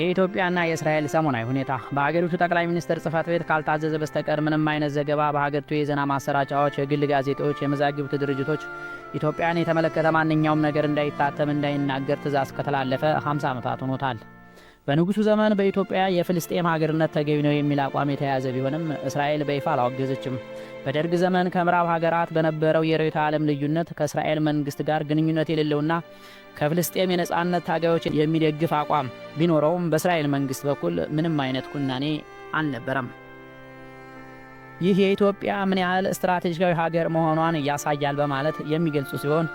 የኢትዮጵያና የእስራኤል ሰሞናዊ ሁኔታ በሀገሪቱ ጠቅላይ ሚኒስትር ጽህፈት ቤት ካልታዘዘ በስተቀር ምንም አይነት ዘገባ በሀገሪቱ የዜና ማሰራጫዎች፣ የግል ጋዜጦች፣ የመዛግብት ድርጅቶች ኢትዮጵያን የተመለከተ ማንኛውም ነገር እንዳይታተም፣ እንዳይናገር ትእዛዝ ከተላለፈ 50 ዓመታት ሆኖታል። በንጉሱ ዘመን በኢትዮጵያ የፍልስጤም ሀገርነት ተገቢ ነው የሚል አቋም የተያዘ ቢሆንም እስራኤል በይፋ አላወገዘችም። በደርግ ዘመን ከምዕራብ ሀገራት በነበረው የርዕዮተ ዓለም ልዩነት ከእስራኤል መንግስት ጋር ግንኙነት የሌለውና ከፍልስጤም የነፃነት ታጋዮች የሚደግፍ አቋም ቢኖረውም በእስራኤል መንግስት በኩል ምንም አይነት ኩናኔ አልነበረም። ይህ የኢትዮጵያ ምን ያህል ስትራቴጂካዊ ሀገር መሆኗን ያሳያል በማለት የሚገልጹ ሲሆን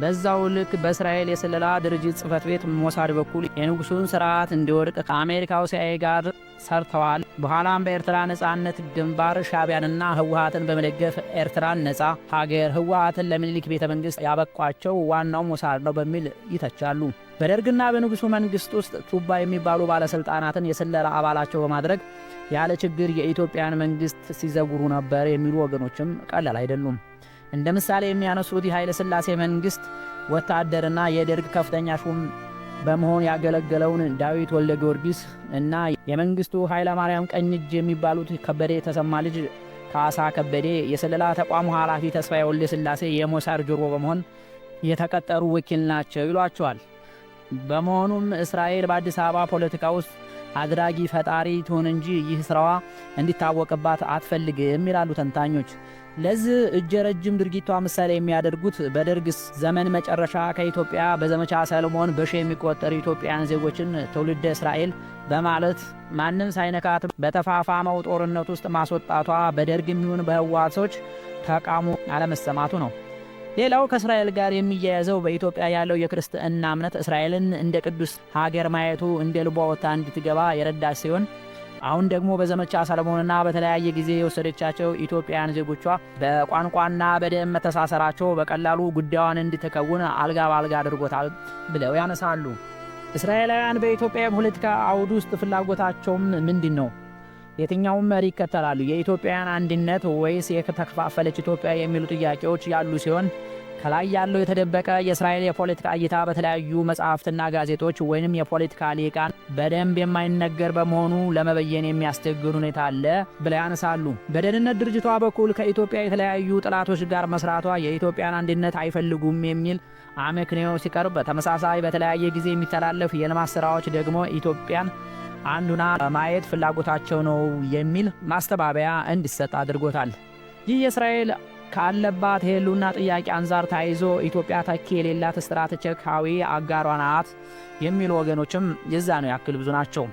በዛው ልክ በእስራኤል የስለላ ድርጅት ጽህፈት ቤት ሞሳድ በኩል የንጉሱን ስርዓት እንዲወድቅ ከአሜሪካው ሲአይኤ ጋር ሰርተዋል። በኋላም በኤርትራ ነጻነት ግንባር ሻቢያንና ህወሀትን በመደገፍ ኤርትራን ነጻ ሀገር ህወሀትን ለምኒልክ ቤተ መንግስት ያበቋቸው ዋናው ሞሳድ ነው በሚል ይተቻሉ። በደርግና በንጉሱ መንግስት ውስጥ ቱባ የሚባሉ ባለስልጣናትን የስለላ አባላቸው በማድረግ ያለ ችግር የኢትዮጵያን መንግስት ሲዘውሩ ነበር የሚሉ ወገኖችም ቀላል አይደሉም። እንደ ምሳሌ የሚያነሱት የኃይለ ሥላሴ መንግስት ወታደርና የደርግ ከፍተኛ ሹም በመሆን ያገለገለውን ዳዊት ወልደ ጊዮርጊስ እና የመንግስቱ ኃይለማርያም ቀኝ እጅ የሚባሉት ከበደ የተሰማ ልጅ ካሳ ከበዴ የስለላ ተቋሙ ኃላፊ ተስፋዬ ወልደ ስላሴ የሞሳር ጆሮ በመሆን የተቀጠሩ ወኪል ናቸው ይሏቸዋል። በመሆኑም እስራኤል በአዲስ አበባ ፖለቲካ ውስጥ አድራጊ ፈጣሪ ትሁን እንጂ ይህ ስራዋ እንዲታወቅባት አትፈልግም ይላሉ ተንታኞች። ለዚህ እጀ ረጅም ድርጊቷ ምሳሌ የሚያደርጉት በደርግ ዘመን መጨረሻ ከኢትዮጵያ በዘመቻ ሰለሞን በሺ የሚቆጠሩ ኢትዮጵያውያን ዜጎችን ትውልደ እስራኤል በማለት ማንም ሳይነካት በተፋፋመው ጦርነት ውስጥ ማስወጣቷ በደርግም ይሁን በህዋሶች ተቃውሞ አለመሰማቱ ነው። ሌላው ከእስራኤል ጋር የሚያያዘው በኢትዮጵያ ያለው የክርስትና እምነት እስራኤልን እንደ ቅዱስ ሀገር ማየቱ እንደ ልቧ ወታ እንድትገባ የረዳች ሲሆን አሁን ደግሞ በዘመቻ ሰለሞንና በተለያየ ጊዜ የወሰደቻቸው ኢትዮጵያውያን ዜጎቿ በቋንቋና በደም መተሳሰራቸው በቀላሉ ጉዳዩን እንድትከውን አልጋ በአልጋ አድርጎታል ብለው ያነሳሉ። እስራኤላውያን በኢትዮጵያ የፖለቲካ አውድ ውስጥ ፍላጎታቸውም ምንድን ነው? የትኛውም መሪ ይከተላሉ? የኢትዮጵያውያን አንድነት ወይስ የተከፋፈለች ኢትዮጵያ የሚሉ ጥያቄዎች ያሉ ሲሆን ከላይ ያለው የተደበቀ የእስራኤል የፖለቲካ እይታ በተለያዩ መጽሐፍትና ጋዜጦች ወይንም የፖለቲካ ሊቃን በደንብ የማይነገር በመሆኑ ለመበየን የሚያስቸግር ሁኔታ አለ ብለው ያነሳሉ። በደህንነት ድርጅቷ በኩል ከኢትዮጵያ የተለያዩ ጥላቶች ጋር መስራቷ የኢትዮጵያን አንድነት አይፈልጉም የሚል አመክንዮ ሲቀርብ፣ በተመሳሳይ በተለያየ ጊዜ የሚተላለፍ የልማት ስራዎች ደግሞ ኢትዮጵያን አንዱና ማየት ፍላጎታቸው ነው የሚል ማስተባበያ እንዲሰጥ አድርጎታል። ይህ የእስራኤል ካለባት የህልውና ጥያቄ አንጻር ተያይዞ ኢትዮጵያ ተኪ የሌላት ስትራቴጂካዊ አጋሯ ናት የሚሉ ወገኖችም የዛ ነው ያክል ብዙ ናቸው።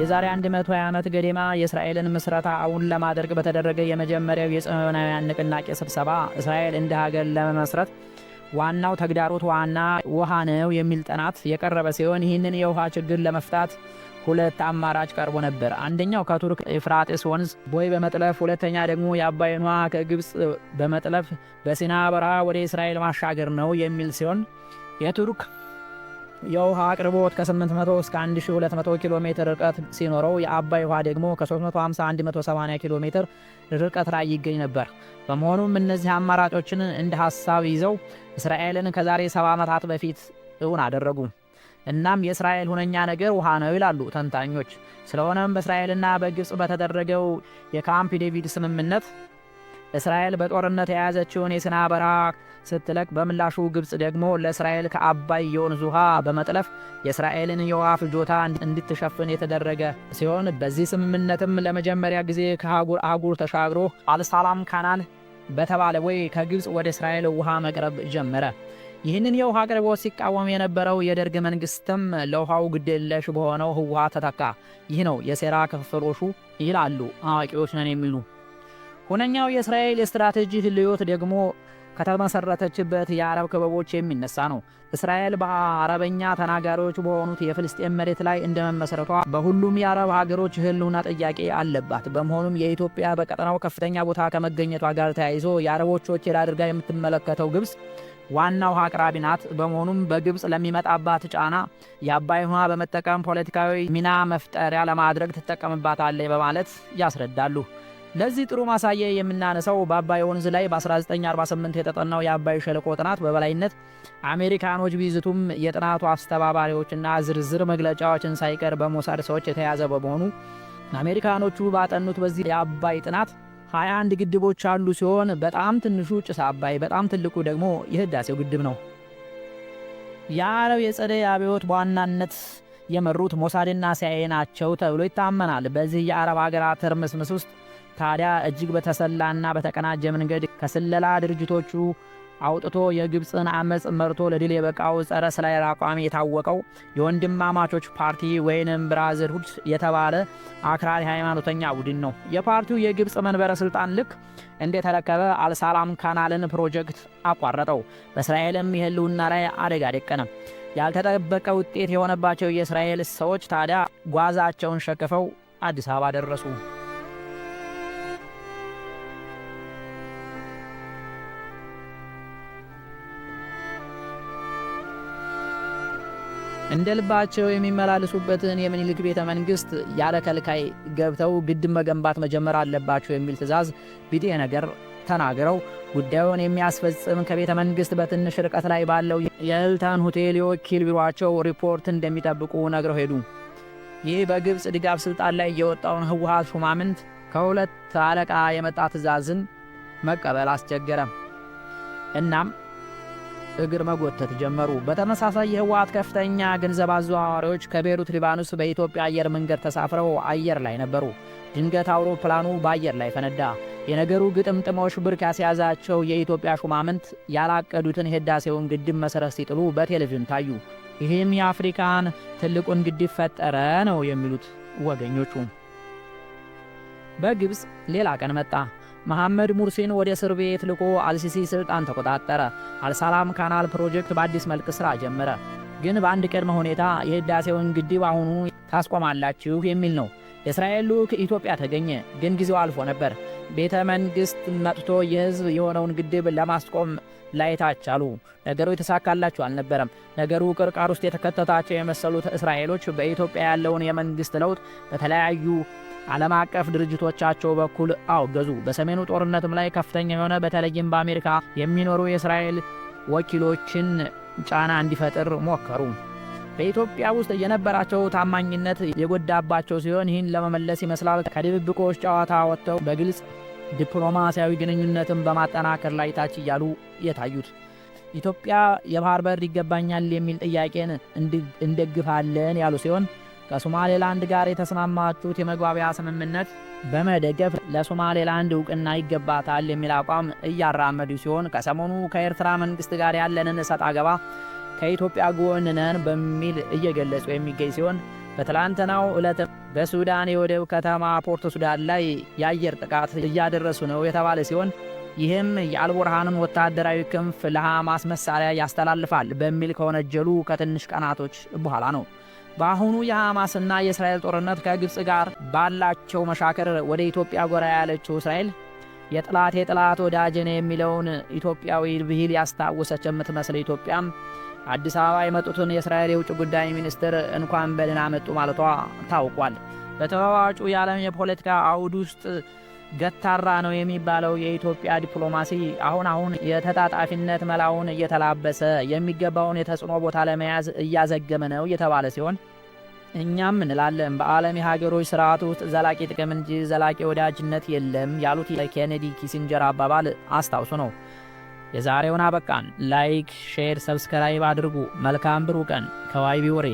የዛሬ 120 ዓመት ገደማ የእስራኤልን ምስረታ አሁን ለማድረግ በተደረገ የመጀመሪያው የጽዮናውያን ንቅናቄ ስብሰባ እስራኤል እንደ ሀገር ለመመስረት ዋናው ተግዳሮት ዋና ውሃ ነው የሚል ጥናት የቀረበ ሲሆን ይህንን የውሃ ችግር ለመፍታት ሁለት አማራጭ ቀርቦ ነበር። አንደኛው ከቱርክ ኤፍራጥስ ወንዝ ቦይ በመጥለፍ ሁለተኛ ደግሞ የአባይን ውሃ ከግብፅ በመጥለፍ በሲና በረሃ ወደ እስራኤል ማሻገር ነው የሚል ሲሆን የቱርክ የውሃ አቅርቦት ከ800 እስከ 1200 ኪሎ ሜትር ርቀት ሲኖረው የአባይ ውሃ ደግሞ ከ350 180 ኪሎ ሜትር ርቀት ላይ ይገኝ ነበር። በመሆኑም እነዚህ አማራጮችን እንደ ሀሳብ ይዘው እስራኤልን ከዛሬ 70 ዓመታት በፊት እውን አደረጉ። እናም የእስራኤል ሁነኛ ነገር ውሃ ነው ይላሉ ተንታኞች። ስለሆነም በእስራኤልና በግብፅ በተደረገው የካምፕ ዴቪድ ስምምነት እስራኤል በጦርነት የያዘችውን የሲና በረሃ ስትለቅ፣ በምላሹ ግብፅ ደግሞ ለእስራኤል ከአባይ የወንዝ ውሃ በመጥለፍ የእስራኤልን የውሃ ፍጆታ እንድትሸፍን የተደረገ ሲሆን በዚህ ስምምነትም ለመጀመሪያ ጊዜ ከአህጉር አህጉር ተሻግሮ አልሳላም ካናል በተባለ ወይ ከግብፅ ወደ እስራኤል ውሃ መቅረብ ጀመረ። ይህንን የውሃ አቅርቦት ሲቃወም የነበረው የደርግ መንግስትም ለውሃው ግዴለሽ በሆነው ህወሓት ተተካ። ይህ ነው የሴራ ክፍፍሎሹ ይላሉ አዋቂዎች ነን የሚሉ። ሁነኛው የእስራኤል የስትራቴጂ ህልዮት ደግሞ ከተመሰረተችበት የአረብ ክበቦች የሚነሳ ነው። እስራኤል በአረበኛ ተናጋሪዎች በሆኑት የፍልስጤን መሬት ላይ እንደመመሰረቷ በሁሉም የአረብ ሀገሮች ህልውና ጥያቄ አለባት። በመሆኑም የኢትዮጵያ በቀጠናው ከፍተኛ ቦታ ከመገኘቷ ጋር ተያይዞ የአረቦች ወኪል አድርጋ የምትመለከተው ግብፅ ዋናው አቅራቢ ናት። በመሆኑም በግብፅ ለሚመጣባት ጫና የአባይ ውሃ በመጠቀም ፖለቲካዊ ሚና መፍጠሪያ ለማድረግ ትጠቀምባታለች በማለት ያስረዳሉ። ለዚህ ጥሩ ማሳያ የምናነሳው በአባይ ወንዝ ላይ በ1948 የተጠናው የአባይ ሸለቆ ጥናት በበላይነት አሜሪካኖች ቢዝቱም የጥናቱ አስተባባሪዎችና ዝርዝር መግለጫዎችን ሳይቀር በሞሳድ ሰዎች የተያዘ በመሆኑ አሜሪካኖቹ ባጠኑት በዚህ የአባይ ጥናት 21 ግድቦች አሉ ሲሆን በጣም ትንሹ ጭስ አባይ፣ በጣም ትልቁ ደግሞ የህዳሴው ግድብ ነው። የአረብ የጸደይ አብዮት በዋናነት የመሩት ሞሳድና ሲያይ ናቸው ተብሎ ይታመናል። በዚህ የአረብ ሀገራት ትርምስምስ ውስጥ ታዲያ እጅግ በተሰላና በተቀናጀ መንገድ ከስለላ ድርጅቶቹ አውጥቶ የግብፅን አመፅ መርቶ ለድል የበቃው ጸረ እስራኤል አቋም የታወቀው የወንድማማቾች ፓርቲ ወይንም ብራዘርሁድ የተባለ አክራሪ ሃይማኖተኛ ቡድን ነው። የፓርቲው የግብፅ መንበረ ስልጣን ልክ እንደተረከበ አልሳላም ካናልን ፕሮጀክት አቋረጠው። በእስራኤልም የህልውና ላይ አደጋ ደቀነ። ያልተጠበቀ ውጤት የሆነባቸው የእስራኤል ሰዎች ታዲያ ጓዛቸውን ሸክፈው አዲስ አበባ ደረሱ። እንደ ልባቸው የሚመላለሱበትን የምኒልክ ቤተ መንግሥት ያለ ከልካይ ገብተው ግድ መገንባት መጀመር አለባቸው የሚል ትእዛዝ ቢጤ ነገር ተናግረው ጉዳዩን የሚያስፈጽም ከቤተ መንግሥት በትንሽ ርቀት ላይ ባለው የእልተን ሆቴል የወኪል ቢሮአቸው ሪፖርት እንደሚጠብቁ ነግረው ሄዱ። ይህ በግብፅ ድጋፍ ሥልጣን ላይ የወጣውን ህወሓት ሹማምንት ከሁለት አለቃ የመጣ ትእዛዝን መቀበል አስቸገረም። እናም እግር መጎተት ጀመሩ። በተመሳሳይ የህወሓት ከፍተኛ ገንዘብ አዘዋዋሪዎች ከቤሩት ሊባኖስ በኢትዮጵያ አየር መንገድ ተሳፍረው አየር ላይ ነበሩ። ድንገት አውሮፕላኑ በአየር ላይ ፈነዳ። የነገሩ ግጥምጥሞች ብርክ ያስያዛቸው የኢትዮጵያ ሹማምንት ያላቀዱትን የህዳሴውን ግድብ መሠረት ሲጥሉ በቴሌቪዥን ታዩ። ይህም የአፍሪካን ትልቁን ግድብ ፈጠረ ነው የሚሉት ወገኞቹ። በግብፅ ሌላ ቀን መጣ። መሐመድ ሙርሲን ወደ እስር ቤት ልኮ አልሲሲ ስልጣን ተቆጣጠረ። አልሳላም ካናል ፕሮጀክት በአዲስ መልክ ሥራ ጀመረ። ግን በአንድ ቅድመ ሁኔታ የህዳሴውን ግድብ አሁኑ ታስቆማላችሁ የሚል ነው። የእስራኤል ልዑክ ኢትዮጵያ ተገኘ፣ ግን ጊዜው አልፎ ነበር። ቤተ መንግሥት መጥቶ የህዝብ የሆነውን ግድብ ለማስቆም ላይታች አሉ። ነገሩ የተሳካላቸው አልነበረም። ነገሩ ቅርቃር ውስጥ የተከተታቸው የመሰሉት እስራኤሎች በኢትዮጵያ ያለውን የመንግሥት ለውጥ በተለያዩ ዓለም አቀፍ ድርጅቶቻቸው በኩል አውገዙ በሰሜኑ ጦርነትም ላይ ከፍተኛ የሆነ በተለይም በአሜሪካ የሚኖሩ የእስራኤል ወኪሎችን ጫና እንዲፈጥር ሞከሩ። በኢትዮጵያ ውስጥ የነበራቸው ታማኝነት የጎዳባቸው ሲሆን ይህን ለመመለስ ይመስላል ከድብብቆች ጨዋታ ወጥተው በግልጽ ዲፕሎማሲያዊ ግንኙነትን በማጠናከር ላይ ታች እያሉ የታዩት። ኢትዮጵያ የባህር በር ይገባኛል የሚል ጥያቄን እንደግፋለን ያሉ ሲሆን ከሶማሌላንድ ጋር የተስማማችሁት የመግባቢያ ስምምነት በመደገፍ ለሶማሌላንድ እውቅና ይገባታል የሚል አቋም እያራመዱ ሲሆን ከሰሞኑ ከኤርትራ መንግስት ጋር ያለንን እሰጥ አገባ ከኢትዮጵያ ጎን ነን በሚል እየገለጹ የሚገኝ ሲሆን በትላንትናው ዕለት በሱዳን የወደብ ከተማ ፖርት ሱዳን ላይ የአየር ጥቃት እያደረሱ ነው የተባለ ሲሆን ይህም የአልቡርሃንን ወታደራዊ ክንፍ ለሐማስ መሳሪያ ያስተላልፋል በሚል ከወነጀሉ ከትንሽ ቀናቶች በኋላ ነው። በአሁኑ የሐማስና የእስራኤል ጦርነት ከግብፅ ጋር ባላቸው መሻከር ወደ ኢትዮጵያ ጎራ ያለችው እስራኤል የጥላት የጥላት ወዳጅን የሚለውን ኢትዮጵያዊ ብሂል ያስታወሰች የምትመስል ኢትዮጵያም አዲስ አበባ የመጡትን የእስራኤል የውጭ ጉዳይ ሚኒስትር እንኳን በደህና መጡ ማለቷ ታውቋል። በተለዋጩ የዓለም የፖለቲካ አውድ ውስጥ ገታራ ነው የሚባለው የኢትዮጵያ ዲፕሎማሲ አሁን አሁን የተጣጣፊነት መላውን እየተላበሰ የሚገባውን የተጽዕኖ ቦታ ለመያዝ እያዘገመ ነው እየተባለ ሲሆን እኛም እንላለን በዓለም የሀገሮች ስርዓት ውስጥ ዘላቂ ጥቅም እንጂ ዘላቂ ወዳጅነት የለም ያሉት የኬኔዲ ኪሲንጀር አባባል አስታውሱ ነው። የዛሬውን አበቃን። ላይክ፣ ሼር፣ ሰብስክራይብ አድርጉ። መልካም ብሩ ቀን ከዋይቢ ወሬ